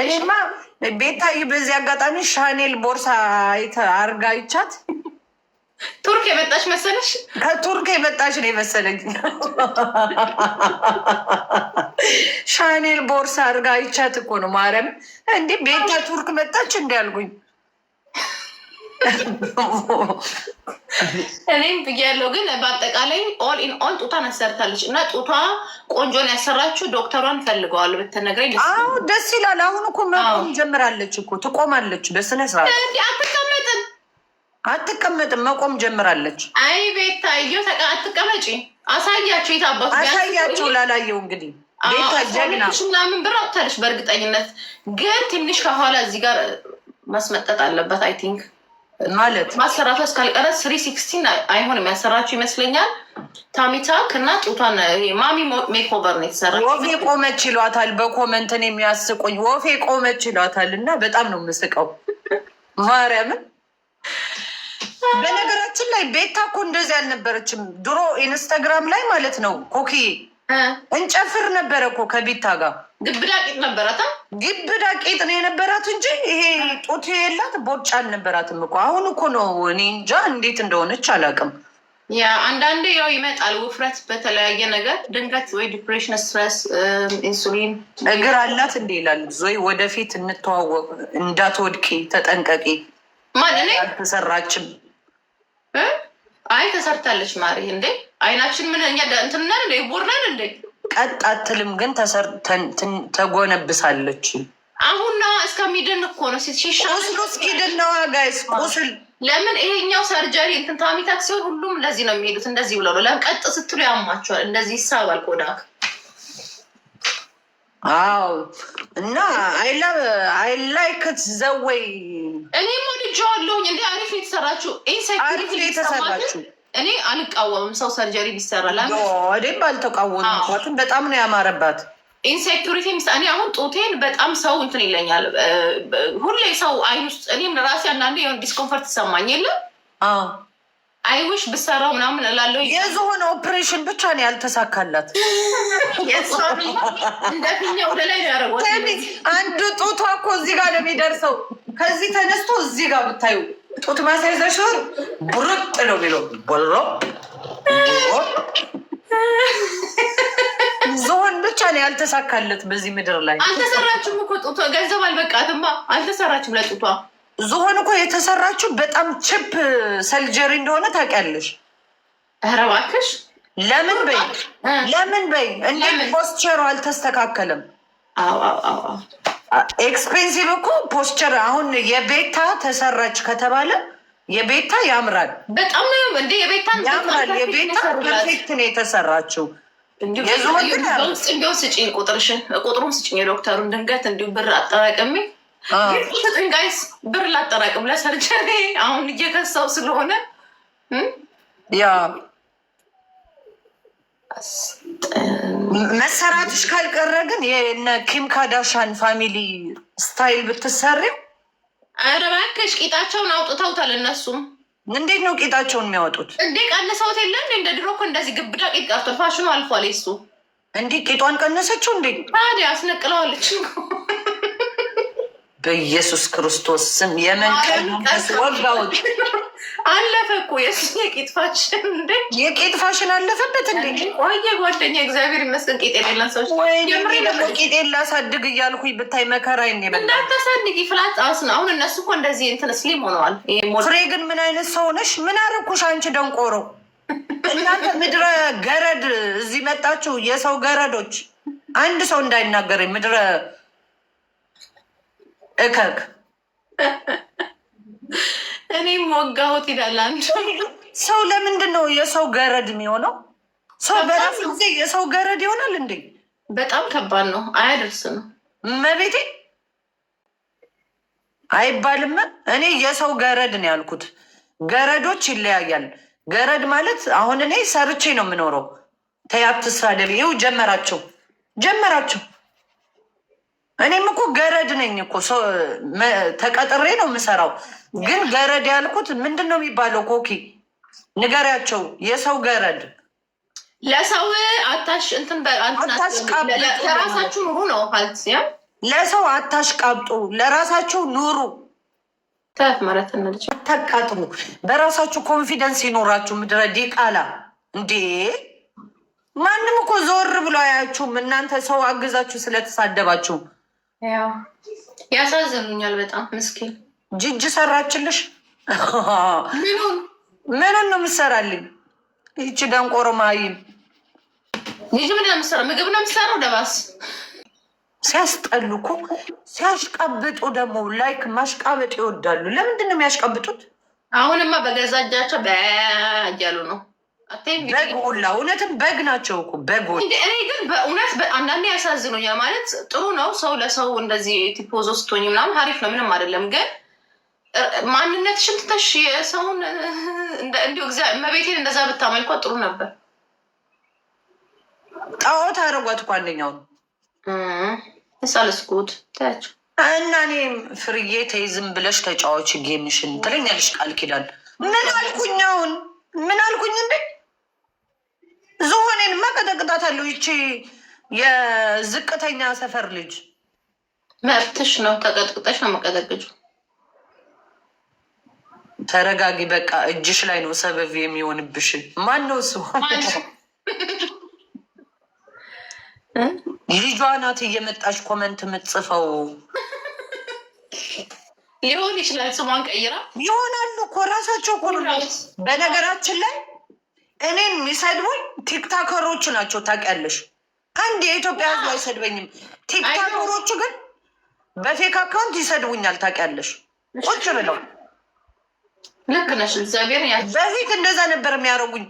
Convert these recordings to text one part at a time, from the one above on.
እሺማ ቤታዬ፣ በዚህ አጋጣሚ ሻኔል ቦርሳ አርጋ ይቻት ቱርክ የመጣች መሰለሽ? ከቱርክ የመጣች ነው የመሰለኝ። ሻኔል ቦርሳ አርጋ ይቻት እኮ ነው ማረም። እንዲህ ቤታ ቱርክ መጣች እንዲያልጉኝ እኔም ብያለሁ። ግን በአጠቃላይ ኦል ኢን ኦል ጡቷን አሰርታለች እና ጡቷ ቆንጆን ያሰራችው ዶክተሯን ፈልገዋል ብትነግረኝ ደስ ይላል። አሁን እኮ መቆም ጀምራለች እኮ ትቆማለች። በስነ ስርዓት አትቀመጥም፣ አትቀመጥም፣ መቆም ጀምራለች። አይ ቤታየሁ አትቀመጪ፣ አሳያቸው። የታባቱ አሳያቸው። ላላየው እንግዲህ ምናምን ብር አውጥታለች በእርግጠኝነት። ግን ትንሽ ከኋላ እዚህ ጋር ማስመጠጥ አለበት አይ ቲንክ ማለት ማሰራቷ እስካልቀረ ስሪ ሲክስቲን አይሆንም ያሰራችው ይመስለኛል። ታሚታክ እና ጡቷን ማሚ ሜኮቨር ነው የተሰራ። ወፌ ቆመች ይሏታል በኮመንትን የሚያስቁኝ ወፌ ቆመች ይሏታል እና በጣም ነው የምስቀው ማርያምን። በነገራችን ላይ ቤታ እኮ እንደዚህ አልነበረችም ድሮ ኢንስታግራም ላይ ማለት ነው። ኮኪ እንጨፍር ነበረ እኮ ከቤታ ጋር ግብዳ ቂጥ ነበራት። ግብዳ ቂጥ ነው የነበራት እንጂ ይሄ ጡት የላት ቦጫ አልነበራትም እኮ። አሁን እኮ ነው እኔ እንጃ እንዴት እንደሆነች አላውቅም። ያ አንዳንዴ ያው ይመጣል ውፍረት በተለያየ ነገር ድንገት ወይ ዲፕሬሽን፣ ስትረስ፣ ኢንሱሊን። እግር አላት እንዲ ይላል ዞይ። ወደፊት እንተዋወቅ፣ እንዳትወድቂ ተጠንቀቂ። ማን አልተሰራችም። አይ ተሰርታለች ማሪ። እንዴ አይናችን ምን እኛ ነን እንዴ ቦርነን እንዴ ቀጥ አትልም፣ ግን ተጎነብሳለች። አሁን ነዋ እስከሚድን እኮ ነው ቁስሉ እስኪድን ነው ጋይስ። ቁስል ለምን ይሄኛው ሰርጀሪ እንትን ታሚታክስ ሲሆን ሁሉም ለዚህ ነው የሚሄዱት። እንደዚህ ብለው ነው ለምን ቀጥ ስትሉ ያማቸዋል። እንደዚህ ይሳባል ቆዳክ። አው እና አይላይክ ዘወይ እኔም ወድጄዋለሁኝ። እንደ አሪፍ የተሰራችሁ ኢንሳይክሪክ የተሰራችሁ እኔ አልቃወምም ሰው ሰርጀሪ ቢሰራ ለእኔም አልተቃወምኳትም። በጣም ነው ያማረባት ኢንሴኩሪቲ ሚስ እኔ አሁን ጡቴን በጣም ሰው እንትን ይለኛል ሁሌ ሰው አይን ውስጥ እኔም ራሴ አንዳንዴ የሆነ ዲስኮንፈርት ይሰማኝ የለም አይውሽ ብሰራው ምናምን እላለሁ። የዝሆነ ኦፕሬሽን ብቻ ነው ያልተሳካላት። እንደፊኛ ወደ ላይ ያደረጓ አንድ ጡቷ እኮ እዚህ ጋር ነው የሚደርሰው። ከዚህ ተነስቶ እዚህ ጋር ብታዩ ጡት ማሳይ ዘሽር ቡርጥ ነው የሚለው ቦሎ ዝሆን ብቻ ነው ያልተሳካለት በዚህ ምድር ላይ። አልተሰራችም እኮ ጡቷ ገንዘብ አልበቃትማ። አልተሰራችም ለጡቷ። ዝሆን እኮ የተሰራችው በጣም ችፕ ሰልጀሪ እንደሆነ ታውቂያለሽ። ኧረ እባክሽ ለምን በይ ለምን በይ እንዴት ፖስቸሩ አልተስተካከለም? ኤክስፔንሲቭ እኮ ፖስቸር አሁን የቤታ ተሰራች ከተባለ የቤታ ያምራል በጣም እንደ የቤታ ያምራል። የቤታ ፐርፌክት ነው የተሰራችው። እንዲሁም ስጭኝ ቁጥርሽን ቁጥሩም ስጭኝ የዶክተሩን ድንገት እንዲሁ ብር አጠራቅሚ ጋይስ ብር ላጠራቅም ለሰርጀሪ አሁን እየከሳው ስለሆነ ያ መሰራትሽ ካልቀረ ግን የነ ኪም ካዳሻን ፋሚሊ ስታይል ብትሰሪው ኧረ እባክሽ ቂጣቸውን አውጥተውታል። እነሱም እንዴት ነው ቂጣቸውን የሚያወጡት? እንዴ ቀንሰውት የለ እንዴ? እንደ ድሮ እኮ እንደዚህ ግብዳ ቂጥ ቀርቷል። ፋሽኑ አልፏል። የሱ እንዲህ ቂጧን ቀነሰችው እንዴ? ታዲያ አስነቅለዋለች። በኢየሱስ ክርስቶስ ስም የመንቀሉ ወጋውት አለፈ እኮ የቄጥ ፋሽን እንደ የቄጥ ፋሽን አለፈበት እንደ ቆየ ጓደኛ እግዚአብሔር ይመስገን ቄጥ የሌላ ሰዎች ቄጤ ላሳድግ እያልኩኝ ብታይ መከራ እንዳታሳድግ ፍላት ፍላጣስ ነው። አሁን እነሱ እኮ እንደዚህ እንትን ስሊም ሆነዋል። ፍሬ ግን ምን አይነት ሰው ነሽ? ምን አረኩሽ አንቺ ደንቆሮ? እናንተ ምድረ ገረድ እዚህ መጣችሁ፣ የሰው ገረዶች። አንድ ሰው እንዳይናገረኝ ምድረ እከክ ወጋሁት ይላል አንዱ ሰው። ለምንድን ነው የሰው ገረድ የሚሆነው? ሰው በራሱ ጊዜ የሰው ገረድ ይሆናል እንዴ? በጣም ከባድ ነው። አያደርስ ነው መቤቴ አይባልም። እኔ የሰው ገረድ ነው ያልኩት። ገረዶች ይለያያል። ገረድ ማለት አሁን እኔ ሰርቼ ነው የምኖረው። ተይ አትሳደብ። ይኸው ጀመራቸው ጀመራቸው እኔም እኮ ገረድ ነኝ እኮ ተቀጥሬ ነው የምሰራው። ግን ገረድ ያልኩት ምንድን ነው የሚባለው? ኮኪ ንገሪያቸው። የሰው ገረድ ለሰው አታሽ እንትን ለራሳችሁ ኑሩ ነው ሀልት ለሰው አታሽቃብጡ፣ ለራሳችሁ ኑሩ ማለት አታቃጥሙ። በራሳችሁ ኮንፊደንስ ይኖራችሁ። ምድረ ዲቃላ እንዴ! ማንም እኮ ዞር ብሎ አያችሁም። እናንተ ሰው አግዛችሁ ስለተሳደባችሁ ያሳዝኑኛል በጣም ምስኪን። ጅጅ ሰራችልሽ። ምኑን ነው የምትሰራልኝ? ይቺ ደንቆሮ ማይም ጅጅ ምን ነው የምትሰራው? ምግብ ነው የምትሰራው። ደባስ ሲያስጠሉ እኮ ደግሞ ላይክ ማሽቃበጥ ይወዳሉ። ለምንድን ነው የሚያሽቀብጡት አሁንማ በገዛ እጃቸው በያያሉ ነው በግ ሁላ እውነትም በግ ናቸው እኮ በግ። እኔ ግን በእውነት አንዳንዴ ያሳዝኑኛል። ማለት ጥሩ ነው ሰው ለሰው እንደዚህ ቲፖዞ ስትሆኝ ምናምን አሪፍ ነው፣ ምንም አይደለም። ግን ማንነትሽን ትተሽ የሰውን እንዲሁ መቤቴን እንደዛ ብታመልኳ ጥሩ ነበር። ጣዖት አደረጓት እኮ አንደኛውን ሳልስኩት ታያቸው እና እኔም ፍርዬ ተይ ዝም ብለሽ ተጫዋች ጌምሽን ትለኛለሽ ቃል ኪዳን ምን አልኩኛውን ምን አልኩኝ እንዴ ዝሆኔንማ ቀጠቅጣታለሁ። ይቺ የዝቅተኛ ሰፈር ልጅ መብትሽ ነው። ተቀጥቅጠሽ ነው መቀጠቅጩ። ተረጋጊ። በቃ እጅሽ ላይ ነው ሰበብ የሚሆንብሽ። ማን ነው እሱ? ልጇ ናት እየመጣች ኮመንት የምትጽፈው ሊሆን ይችላል። ስሟን ቀይራ ይሆናሉ እኮ ራሳቸው። በነገራችን ላይ እኔን የሚሰድቡኝ ቲክታከሮች ናቸው። ታውቂያለሽ፣ አንድ የኢትዮጵያ ህዝብ አይሰድበኝም። ቲክታከሮቹ ግን በፌክ አካውንት ይሰድቡኛል። ታውቂያለሽ፣ ቁጭ ብለው ልክ ነሽ። እግዚአብሔር በፊት እንደዛ ነበር የሚያደርጉኝ።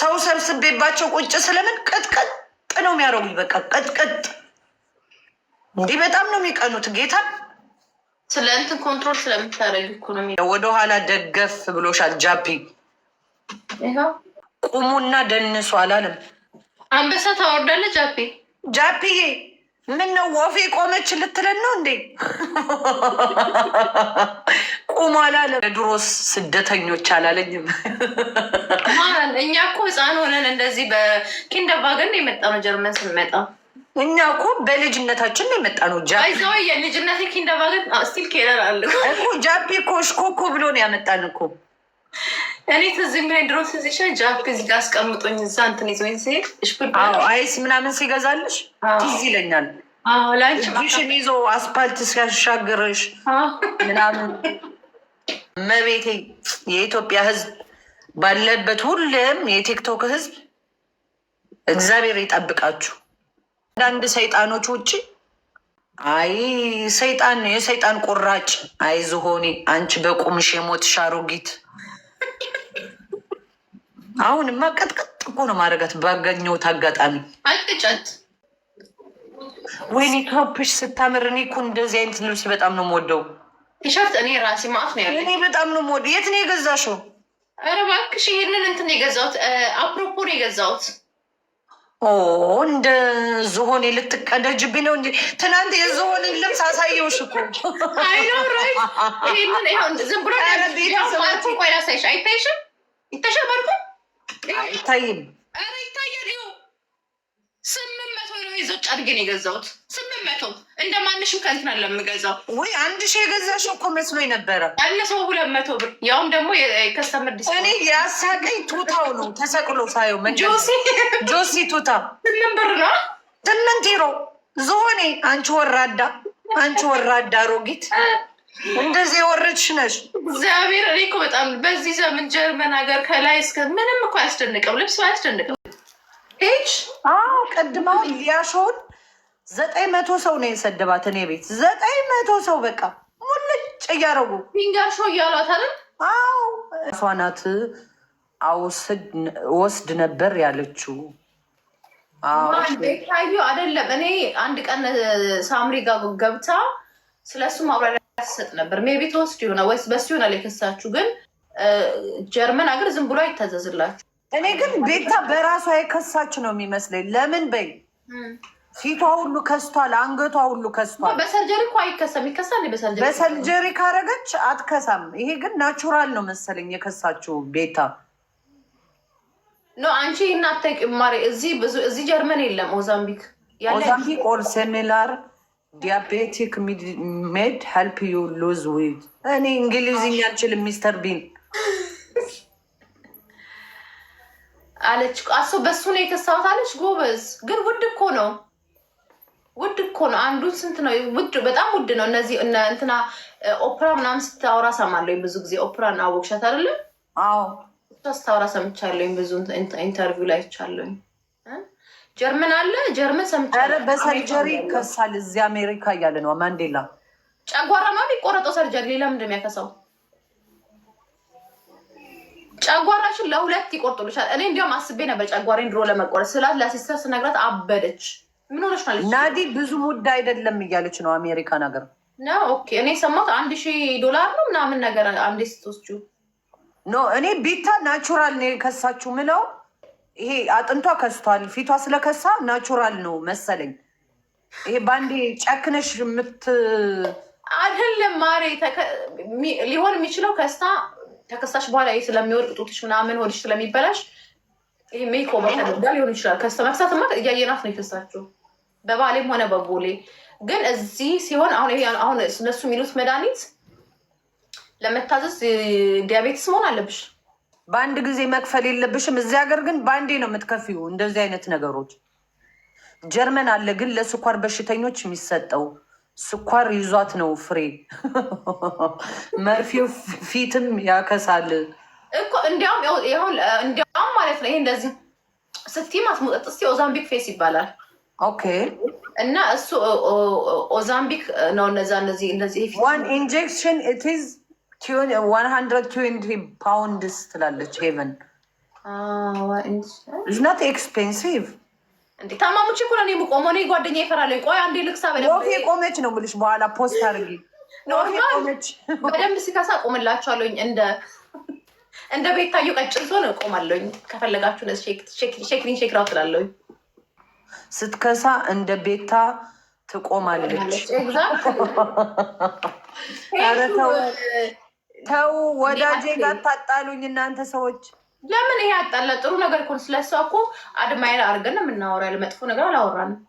ሰው ሰብስቤባቸው ቁጭ ስለምን ቅጥቅጥ ነው የሚያደርጉኝ። በቃ ቅጥቅጥ እንዲህ በጣም ነው የሚቀኑት። ጌታ ስለ እንትን ኮንትሮል ስለምታደርጊ ኢኮኖሚ ወደኋላ ደገፍ ብሎሻል ጃፒ ቁሙና ደንሱ አላለም። አንበሳ ታወርዳለች። ጃፒ ጃፔዬ፣ ምን ነው ወፌ ቆመች ልትለን ነው እንዴ? ቁሙ አላለም። ድሮ ስደተኞች አላለኝም። እኛ እኮ ህፃን ሆነን እንደዚህ በኪንደባገን የመጣ ነው ጀርመን ስንመጣ እኛ እኮ በልጅነታችን ነው የመጣ ነው። ልጅነት ኪንደባገን ስቲል ኬለር አለ እኮ ጃፔ እኮ ብሎ ነው ያመጣን እኮ እኔ ትዝ የሚለኝ ድሮ ትዝ ይሻል ጃፕ እዚህ ጋ አስቀምጦኝ እዛ እንትን ይዞኝ ሲሄድ አይስ ምናምን ሲገዛልሽ ትዝ ይለኛል። ላንቺሽን ይዞ አስፓልት ሲያሻግርሽ ምናምን መቤቴ የኢትዮጵያ ሕዝብ ባለበት ሁሉም የቲክቶክ ሕዝብ እግዚአብሔር ይጠብቃችሁ። አንዳንድ ሰይጣኖች ውጭ አይ ሰይጣን የሰይጣን ቁራጭ አይዝሆኔ አንቺ በቁምሽ የሞትሽ አሮጊት አሁንማ ቀጥቀጥ እኮ ነው ማድረጋት ባገኘሁት አጋጣሚ አልቅጨት ወይኔ ቶፕሽ ስታምር። እኔ እኮ እንደዚህ አይነት ልብስ በጣም ነው የምወደው። ቲሸርት እኔ ራሴ ማፍ ነው ያለ። እኔ በጣም ነው የምወደው። የት ነው የገዛሽው? ኧረ እባክሽ ይህንን እንትን የገዛሁት አፕሮፖ ነው የገዛሁት። እንደ ዝሆን ልትቀደጅብኝ ነው እንጂ ትናንት የዝሆኔ ልብስ አሳየውሽ እኮ። ዝም ብሎ ቤተሰብ አይታይሽም? ይተሸበርኩ አይታይም። ኧረ ይታያል። ይኸው ስምንት መቶ ነው ይዞ ጨርግን የገዛሁት ስምንት መቶ እንደ ማንሽም ከእንትና ለምገዛው ወይ አንድ ሺህ የገዛሽው እኮ መስሎኝ ነበረ። ያነሰው ሁለት መቶ ብር ያውም ደግሞ ከስተምር ዲስ እኔ ያሳቀኝ ቱታው ነው ተሰቅሎ ሳየው ጆሲ ጆሲ ቱታ ስምንት ብር ነው ስምንት ሮ ዝሆኔ አንቺ ወራዳ አንቺ ወራዳ ሮጊት እንደዚህ የወረድሽ ነሽ። እግዚአብሔር እኔ እኮ በጣም በዚህ ዘመን ጀርመን ሀገር ከላይ እስከ ምንም እኮ አያስደንቅም፣ ልብስ አያስደንቅም። ች ቀድማ ሊያሾን ዘጠኝ መቶ ሰው ነው የሰደባት እኔ ቤት ዘጠኝ መቶ ሰው በቃ ሙልጭ እያረጉ ፊንጋር ሾ እያሏታል። አዎ እሷ ናት ወስድ ነበር ያለችው ታዩ አይደለም። እኔ አንድ ቀን ሳምሪ ጋር ገብታ ስለሱ ማብራሪያ ያሰጥ ነበር። ሜቢ ተወስድ የሆነ ወይስ በሱ ይሆናል የከሳችሁ። ግን ጀርመን ሀገር ዝም ብሎ አይታዘዝላችሁ። እኔ ግን ቤታ በራሷ የከሳች ነው የሚመስለኝ። ለምን በይ ፊቷ ሁሉ ከስቷል፣ አንገቷ ሁሉ ከስቷል። በሰርጀሪ እኮ አይከሰም፣ ይከሳል በሰርጀሪ በሰርጀሪ ካረገች አትከሳም። ይሄ ግን ናቹራል ነው መሰለኝ የከሳችው ቤታ ኖ አንቺ ይህን አታውቂም ማሬ። እዚህ ጀርመን የለም ሞዛምቢክ ሞዛምቢክ ኦር ሴሚላር ዲያቤቲክ ሜድ ሄልፕ ዩ ሉዝ ዌት። እኔ እንግሊዝኛ አልችልም ሚስተር ቢን አለች አሶ በሱ ነው የከሳሁት አለች። ጎበዝ ግን ውድ እኮ ነው ውድ እኮ ነው። አንዱ ስንት ነው? ውድ በጣም ውድ ነው። እነዚህ እንትና ኦፕራ ምናምን ስታወራ ሰማለኝ ብዙ ጊዜ ኦፕራ አወቅሻት አይደለም? አዎ ስታወራ ሰምቻለኝ ብዙ ኢንተርቪው ላይ ይቻለኝ ጀርመን አለ ጀርመን ሰምቻለሁ። በሰርጀሪ ይከሳል። እዚህ አሜሪካ እያለ ነው ማንዴላ። ጨጓራ ነው የሚቆረጠው ሰርጀሪ። ሌላ ምንድን ነው ያከሳው? ጨጓራሽን ለሁለት ይቆርጡልሻል። እኔ እንዲያውም አስቤ ነበር ጨጓሬን ድሮ ለመቆረጥ ስላት ለሲስተር ስነግራት አበደች። ምን ሆነች ናለች። ናዲ ብዙ ሙዳ አይደለም እያለች ነው አሜሪካ ነገር ነው። ኦኬ እኔ ሰማት አንድ ሺህ ዶላር ነው ምናምን ነገር አንዴ ስትወስጂው ኖ እኔ ቤታ ናቹራል ነው የከሳችሁ ምለው ይሄ አጥንቷ ከስቷል፣ ፊቷ ስለከሳ ናቹራል ነው መሰለኝ። ይሄ በአንዴ ጨክነሽ የምት አይደለም ማሬ። ሊሆን የሚችለው ከስታ ተከሳሽ በኋላ ስለሚወርቅ ጡትሽ ምናምን ሆድሽ ስለሚበላሽ ይሄ ሜኮ ተደርጋ ሊሆን ይችላል። ከስታ መክሳትማ እያየናት ነው የከሳችው በባሌም ሆነ በቦሌ ግን እዚህ ሲሆን አሁን ይሄ አሁን እነሱ የሚሉት መድኃኒት ለመታዘዝ ዲያቤትስ መሆን አለብሽ። በአንድ ጊዜ መክፈል የለብሽም። እዚህ ሀገር ግን በአንዴ ነው የምትከፊው። እንደዚህ አይነት ነገሮች ጀርመን አለ። ግን ለስኳር በሽተኞች የሚሰጠው ስኳር ይዟት ነው ፍሬ መርፌው ፊትም ያከሳል እኮ እንዲያውም ማለት ነው። ይሄ እንደዚህ ስቲ ማስሙጠጥ ስቲ ኦዛምቢክ ፌስ ይባላል። ኦኬ እና እሱ ኦዛምቢክ ነው። እነዛ እነዚህ እነዚህ ዋን ኢንጀክሽን ኢት ኢዝ ዋን ፓውንድስ ትላለች። ሄቨን ናት ah, ኤክስፔንሲቭ። ታማሙች እኮ ነው የምቆመው። እኔ ጓደኛዬ ይፈራል። ቆይ አንዴ ልክሳ። ኖርፌ ቆመች ነው የምልሽ። በኋላ ፖስት አድርጊ። በደንብ ሲከሳ ቆምላቸዋለኝ። እንደ ቤታዩ ቀጭን ሲሆን እቆማለኝ። ከፈለጋችሁ ሼክሊን ሼክ ራው ትላለኝ። ስትከሳ እንደ ቤታ ትቆማለች። ተው ወዳጄ ጋር ታጣሉኝ እናንተ ሰዎች። ለምን ይሄ አጣላ? ጥሩ ነገር እኮ ስለሰው እኮ አድማይል አድርገን የምናወራ መጥፎ ነገር አላወራንም።